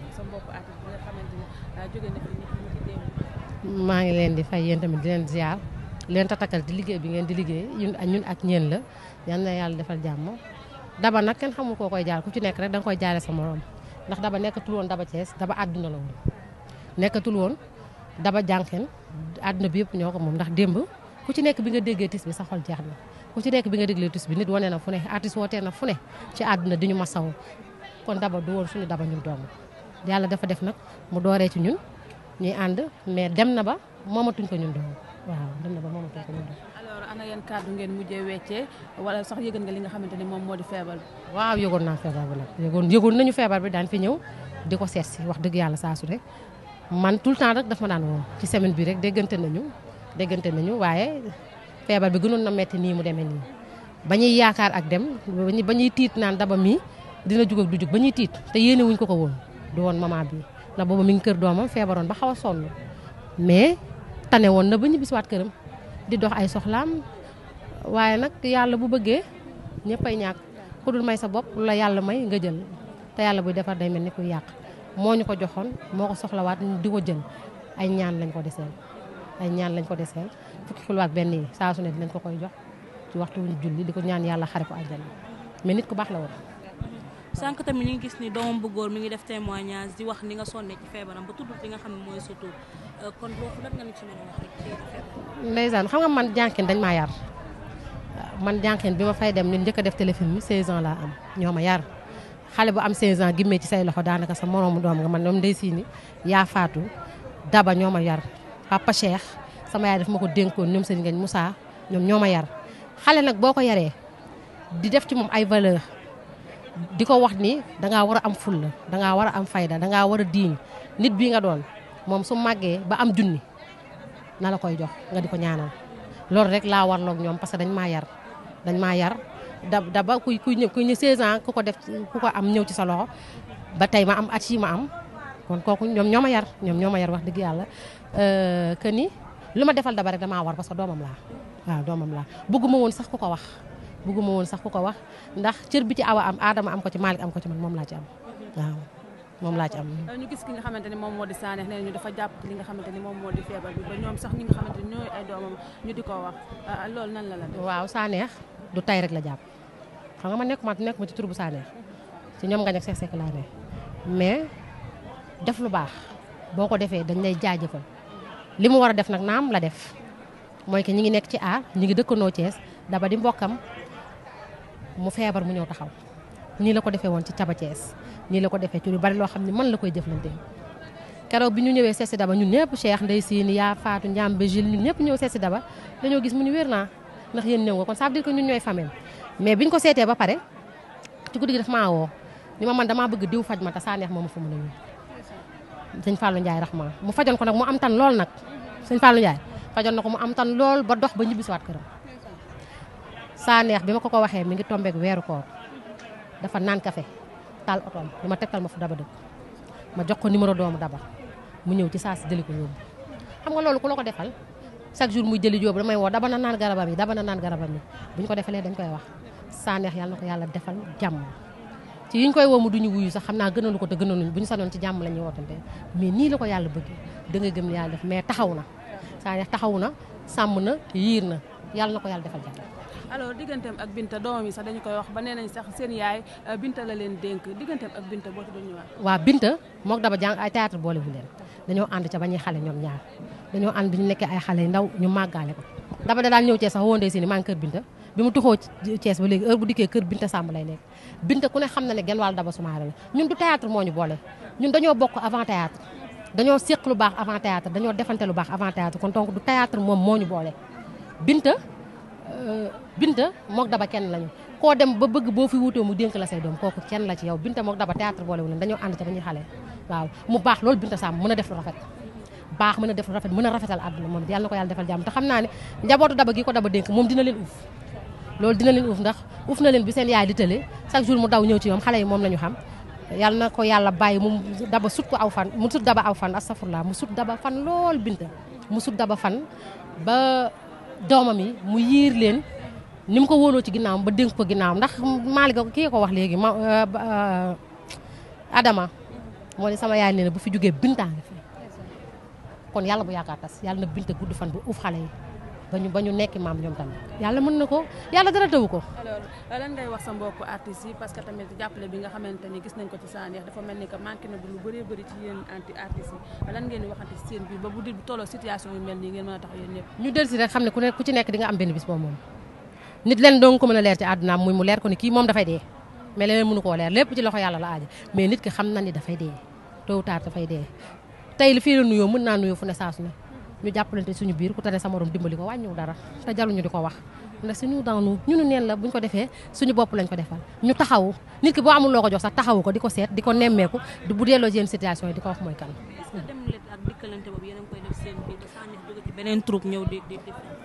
bopp ah, ngi leen di fay yéen tamit di leen ziar leen tatakal di liggéey bi ngeen di liggéey ñun ak ñeen la yal na yàlla defal jàmm daba nag kenn xamul koo koy jaar ku ci nekk rek danga nga koy jaare sa morom ndax daba nekkatul woon daba Cees daba àdduna la woon nekkatul woon daba jànqeen àdduna bi yëpp ñoo ko moom ndax démb ku ci nekk bi nga déggee tis bi sa xol jeex na ku ci nekk bi nga déggee tis bi nit wane na fu ne artiste wootee na fu ne ci àdduna di ñu ma saw kon daba du woon suñu daba ñu doom yàlla dafa def nag mu dooree ci ñun ñuy ànd mais dem na ba moomatuñ ko ñun doom waaw dem na ba moomatuñ ko ñun doom. alors ana yan kàddu ngeen wala sax yëgal nga li nga xamante ne moom moo di feebar waaw yëgoon naa feebar bi nag yëgoon nañu feebar bi daan fi ñëw di ko seet si wax dëgg yàlla saa su rek man tout le temps rek dafa ma daan woo ci semaine bi rek déggante nañu déggante nañu waaye feebar bi gënoon na metti nii mu demee nii ba ñuy yaakaar ak dem ba ñuy tiit naan daba mii dina jug du jug ba ñuy tiit te yéene ko ko woon di woon moment bi ndax booba mi ngi kër doomam feebaroon ba xaw a sonn mais tane woon na ba ñu bis waat këram di dox ay soxlaam waaye nag yàlla bu bëggee ñëppay ñàkk ku dul may sa bopp la yàlla may nga jël te yàlla buy defar day mel ni kuy yàq moo ñu ko joxoon moo ko soxlawaat di ko jël ay ñaan lañ ko deseel ay ñaan lañ ko deseel fukki xulwaat benn yi saa su di lañ ko koy jox ci waxtu wuñ julli di ko ñaan yàlla xare ko àjjana mais nit ku baax la woon sànq tamit ñu ngi gis nii doomam bu góor mi ngi def témoignage di wax ni nga sonne ci feebaram ba tudd li nga xam ne mooy sa tur euh, a wax rek ci feebar. ndeysaan xam nga man jànkin dañ maa yar man jànkin bi ma fay dem ñun njëkk def téléfilm 16 ans laa am ñoo ma yar xale bu am 16 ans gimmee ci say loxo daanaka sa moroomu doom man ñoom ndey siini yaa faatu daba ñoo ma yar papa Cheikh sama yaay daf ma ko dénkoon ñoom seen ngañ Moussa ñoom ñoo ma yar xale nag boo ko yaree di def ci moom ay valeur di ko wax nii dangaa war a am fulla dangaa war a am fayda dangaa war a diiñ nit bii nga doon moom su màggee ba am junni na la koy jox nga di ko ñaanal loolu rek laa warloog ñoom parce que dañ maa yar dañ maa yar da da kuy kuy ñëw ku ko def ku ko am ñëw ci sa loxo ba tey ma am at yi ma am kon kooku ñoom ñoo ma yar ñoom ñoo ma yar wax dëgg yàlla euh, que ni lu ma defal daba rek damaa war parce que doomam laa waaw woon sax ku ko wax bugguma woon sax ku ko wax ndax cër bi ci awa am aadama am ko ci Malick am ko ci man moom laa ci am waaw moom laa ci am. Euh, ñu gis ki nga xamante ni moom moo di Sané nee ñu jàpp li nga moom moo di sax ñi nga xamante ni di ko wax euh, loolu nan la la. waaw Sané du tay rek la jàpp xam nga ma nekk ma nekk ci tur bu ci ñoom nga nekk seq seq laa ne mais def lu baax boo ko defee dañ lay jaajëfal li mu war a def nag naam la def mooy que ñi ngi nekk ci aar ñi ngi dëkkandoo Thiès daba di mbokkam. mu feebar mu ñëw taxaw nii la ko defee woon ci Caba Thiès nii la ko defee ci lu bari loo xam ne man la koy jëflante keroog bi ñu ñëwee seesi daba ñu ñëpp Cheikh Ndey Siini yaa Faatu Njaam ba Gilles ñëpp ñëw seesi daba dañoo gis mu ñu wér naa ndax yéen ñëw nga kon ça veut dire que ñun ñooy famille mais ko seetee ba pare ci guddi gi daf maa woo ma man damaa bëgg diw faj ma te saa neex ma ma fa mën a ñëw sëñ Fallou Ndiaye mu fajoon ko nag mu am tan lool nag sëñ Fallou Ndiaye fajoon na ko mu am tan lool ba dox ba ñibbisiwaat këram saa bi ma ko ko waxee mi ngi tombeek weeru koor dafa naan kafe taal otoom li ma tegtal ma fu daba dëkk ma jox ko numéro doomu daba mu ñëw ci saa si jëli ko yóbbu xam nga loolu ku la ko defal chaque jour muy jëli yóbbu damay woo daba na naan garabam yi daba na naan garabam yi bu ñu ko defalee dañ koy wax saa neex yàlla na ko yàlla defal jàmm ci yi ñu koy woo du ñu wuyu sax xam naa gënalu ko te gënaluñ bu ñu sanoon ci jàmm la ñuy wootante mais nii la ko yàlla bëggee da nga gëm yàlla def mais taxaw na saa taxaw na sàmm na yiir na yàlla na ko yàlla defal jàmm alors digganteem ak Binta doomam yi sax dañu wax ba nee nañ sax seen yaay euh, Binta la leen dénk digganteem ak Binta boo ci doon ñëwaat. waaw Binta mook Daba jàng ay théâtre dañoo ànd ca ba ñuy xale ñoom ñaar dañoo ñu nekkee ay xale ndaw ñu màggaale ko Daba da daal ñëw cee sax wóonde si ni maa ngi kër Binta bi mu tuxoo Thiès ba léegi heure bu dikkee kër Binta Samb lay nekk Binta ku ne xam na ne genn waal Daba Soumaré la ñun du théâtre moo ñu boole ñun dañoo bokk avant théâtre dañoo séq lu baax avant théâtre dañoo defante lu baax avant théâtre kon donc du théâtre moom moo ñu boole Binta Euh, Binta mook Daba kenn lañu koo dem ba bëgg boo fi wutoo mu dénk la say doom kooku kenn la ci yow Binta mook Daba théâtre boole wu leen dañoo ànd ca dañuy xale a def lu rafet baax a rafet mën a rafetal àdduna moom yàlla na ko yàlla te xam naa ne njabootu Daba gi ko Daba dénk moom dina na leen bi seen yaay di tële chaque jour mu daw ñëw ci moom xale yi moom la xam yàlla na ko yàlla bàyyi mu daba sut ko aw fan mu sut daba aw fan astafurlaa mu sut daba fan lool Binta mu sut daba fan ba doomam yi mu yiir leen ni mu ko wóoloo ci ginnaawam ba dénk ko ginnaawam ndax Malick kii ko wax léegi ma euh, euh, Adama moo ne sama yaay nee bu fi jógee bintaa nga fi kon yàlla bu yaakaar tas yàlla na binte gudd fan bu uuf xale yi ba ñu ba ñu nekk maam ñoom tamit yàlla mën na ko yàlla dara tëwu ko. alors lan ngay wax sa mbokku artistes yi parce que tamit jàppale bi nga xamante ni gis nañ ko ci Sanekh dafa mel ni que manqué na bu lu bëree bëri situation yu mel ngeen mën a tax yéen ñëpp. ñu ne ne ku nekk di nga am benn bis moom ko mën a leer ci àddunaam muy mu leer ko ni kii moom dafay dee mais leneen mënu koo leer lépp ci loxo yàlla la aaja mais nit ki xam na ni dafay dee tôt ou tard dafay dee tey li fii la nuyoo mën naa nuyoo fu ne saasu ne ñu jàppalante suñu biir ku tane sa morom dimbali ko wàññiwu dara te jaluñu di ko wax ndax suñu daanu ñunu neen la buñ ko defee suñu bopp lañ ko defal ñu taxawu nit ki boo amuloo ko jox sax taxawu ko di ko seet di ko nemmeeku bu delloo seen situation yi di ko wax mooy kan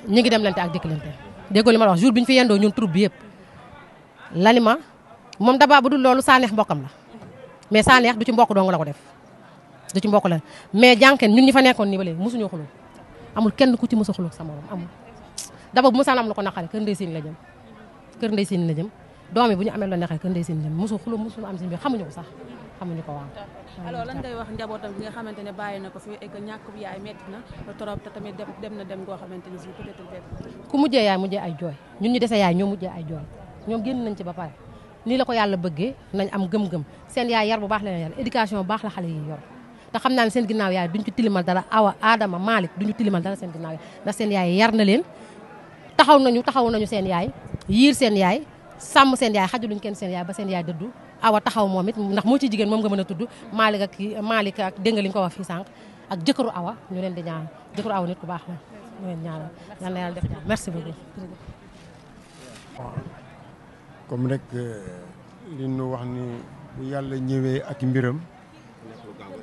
ñu ngi dem lante ak dikkalante déggoo li ma la wax bi ñu fi yendoo ñun troupe bi yëpp lalima moom dabaa bu dul loolu saaneex mbokkam la mais saaneex du ci mbokk dong la ko def du ci mbokk la mais jànkeen ñun ñi fa nekkoon nii ba léegi mosuñoo xuloo amul kenn ku ci mos a xuloo sa morom amul daba bu mosaan am la ko naqare kër ndey siin la jëm kër ndey siin la jëm doom yi bu ñu amee la naqare kër ndey siin la jëm mosul xuloo mosul am siin bi xamuñu ko sax xamuñu ko waaw alors lan ngay wax njabootam bi nga xamante ne bàyyi na ko fi et que ñàkk bu yaay metti na trop dem na dem goo xamante ne si peut-être ku mujjee yaay mujjee ay jooy ñu ñu dese yaay ñoo mujjee ay jooy ñoom génn nañ ci ba pare nii la ko yàlla bëggee nañ am gëm-gëm seen yaay yar bu baax la leen yar éducation bu baax la xale yi yor te xam naa ne seen ginnaaw yaay duñ ci tilimal dara awa maalik Malick duñu tilimal dara seen ginnaaw yaay ndax seen yaay yar na leen taxaw nañu taxaw nañu seen yaay yiir seen yaay sàmm seen yaay xajuluñ kenn seen yaay ba seen yaay dëddu awa taxaw moom it ndax moo ci jigéen moom nga mën a tudd Malick ak Malick ak dégg nga li ko wax fii sànq ak jëkkëru awa ñu leen di ñaan jëkkëru awa nit ku baax la ñu leen ñaanal yal na def jàmm merci beaucoup comme rek euh, li ñu wax ni bu yàlla mbiram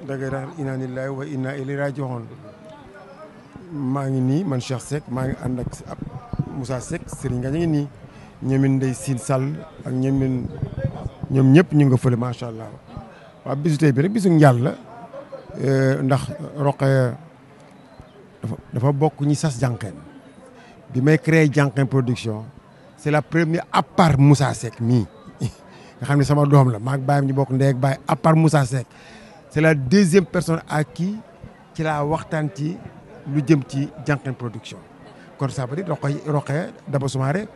dangay naan inna lillahi wa inna ilayhi raji'un maa ngi nii man Cheikh Seck maa ngi ànd ak ab Moussa Seck Serigne Ngagne ngi nii ñoomin Ndeye Sine Sall ak ñoomin ñoom ñëpp ñu nga fële macha allah waaw bisu bi rek bisu njàll la euh, ndax roqe dafa bokk ñi sas jànqeen bi may créé jànqeen production c'est la première à part Moussa Seck mii nga xam ne sama doom la maag baayam ñu bokk ndey ak baay à part Moussa c'est la deuxième personne à kii ci laa waxtaan ci lu jëm ci Jankeen production kon ça veut dire Rokhaya Rokhaya Daba Soumaré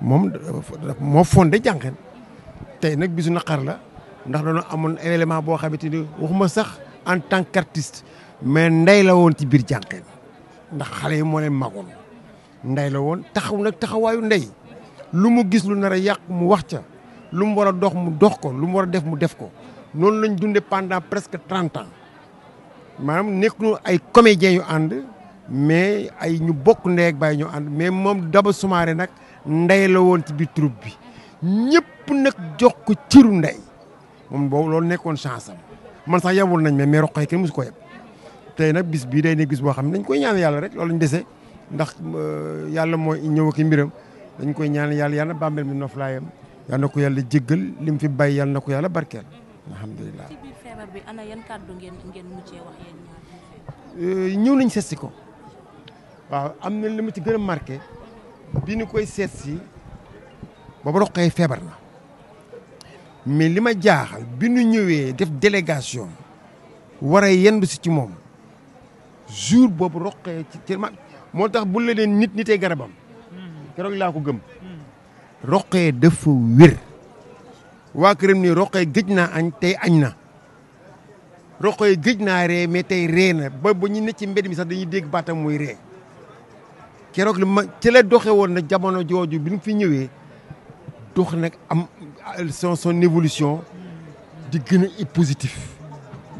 moom moo fonde Jankeen tey nag bisu naqar la ndax dañoo amoon élément boo xamante ni waxuma sax en tant qu'artiste mais ndey la woon ci biir Jankeen ndax xale yi moo leen magoon ndey la woon taxaw nag taxawaayu ndey lu mu gis lu nar a yàq mu wax ca lu mu war a dox mu dox ko lu mu war a def mu def ko noonu lañ dundee pendant presque trente ans maanaam nekkuñu ay comédiens yu ànd mais ay ñu bokk ndey ak baay ànd mais moom Daba Soumaré nag ndey la woon ci biir bi ñëpp nag jox ko ciru ndey moom boobu loolu nekkoon chance man sax yabul nañ mais mais roqee kenn mosu ko yeb tey nag bis bii day nekk bis boo xam ne dañ koy ñaan yàlla rek loolu lañ dese ndax euh, yàlla mooy ñëw ak mbiram dañ koy ñaan yàlla yàlla bàmmeel mi noflaayam yàlla na ko yàlla jéggal li mu fi bay yàlla na ko yàlla barkeel alhamdulilah. ci biir feebar bi ana yan kàddu ngeen ngeen euh, ñëw nañ seet si ko waaw am na li ma ci gën a marqué bi ñu koy seet si booba roqee feebar na mais li ma jaaxal bi ñu ñëwee def délégation war a yendu si ci moom jour boobu roqee ci ma moo tax bu la neen nit nitee garabam hmm. keroog laa ko gëm roqee dafa wér waa këram ni roqee géej naa añ tey añ na roqee géej naa ree mais tey ree na ba ba ñu ne ci mbedd mi sax dañuy dégg baatam muy ree keroog li ma ci la doxe woon na jamono jooju bi mu fi ñëwee dox nag am son son évolution di gën a positif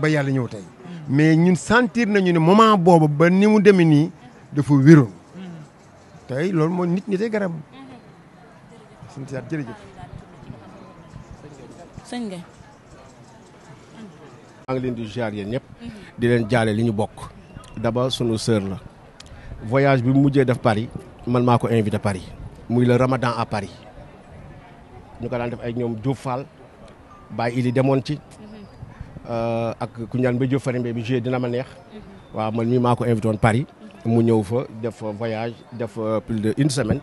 ba yàlla ñëw tey mais ñun sentir nañu ne moment boobu ba ni mu demee nii dafa wéroon mm. tey loolu moo nit ñi tey garab mm-hmm. sant sëñ Gueye. maa leen di jaar yéen ñëpp. di leen jaale li ñu bokk. Daba sunu sœur la. voyage bi mu mujjee def Paris man maa ko invité Paris. muy le Ramadan à Paris. ñu ko daan def ay ñoom Diouf Fall. Baye demoon ci. Euh, ak ku ñaan ba Diouf Farimbe bi joué dina ma neex. waaw man mii maa ko invité woon Paris. mu ñëw fa def voyage def plus de une semaine.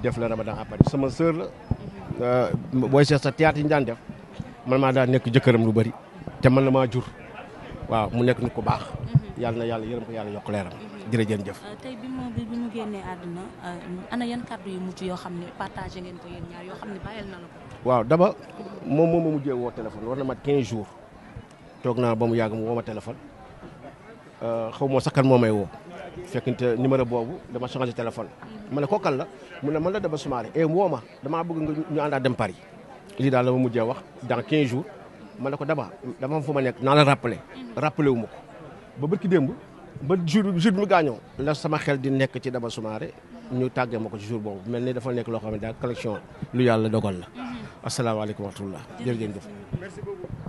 def la Ramadan à Paris sama sœur la. Euh, booy seet sa théâtre yi ñu def. man maa daal nekk jëkkëram lu bari te man na maa jur waaw mu nekk nit ku baax. Mhm. yàlla na yàlla yërëm ko yàlla yokk leeram mhm. jërëjëf. Euh, tey bi mu génnee àdduna euh, ana yan kàddu yu mujj yoo xam ne partagé ngeen ko yoo xam ne bàyyil waaw daba moom moom ma mujjee woo téléphone war na mat 15 jours toog naa ba mu yàgg mu woo ma euh, xaw ma sax kan moo may woo fekkente numéro boobu dama changé téléphone. Mhm. ma ne ko kan la mu ne man a Daba Soumaré eh woo ma damaa bëgg nga ñu àndaat dem Paris. lii daal la ma mujjee wax dans 15 jours ma ko daba dama am fu ma nekk naa la rappelé rappelé wu ma ko ba bërki démb ba jour jour bi mu gaañoo la sama xel di nekk ci Daba Soumaré ñu tàggee ma ko ci jur boobu mel ni dafa nekk loo xam ne daal collection lu yàlla dogal la mhm. asalaamaaleykum wa rahmatullah jërëjëf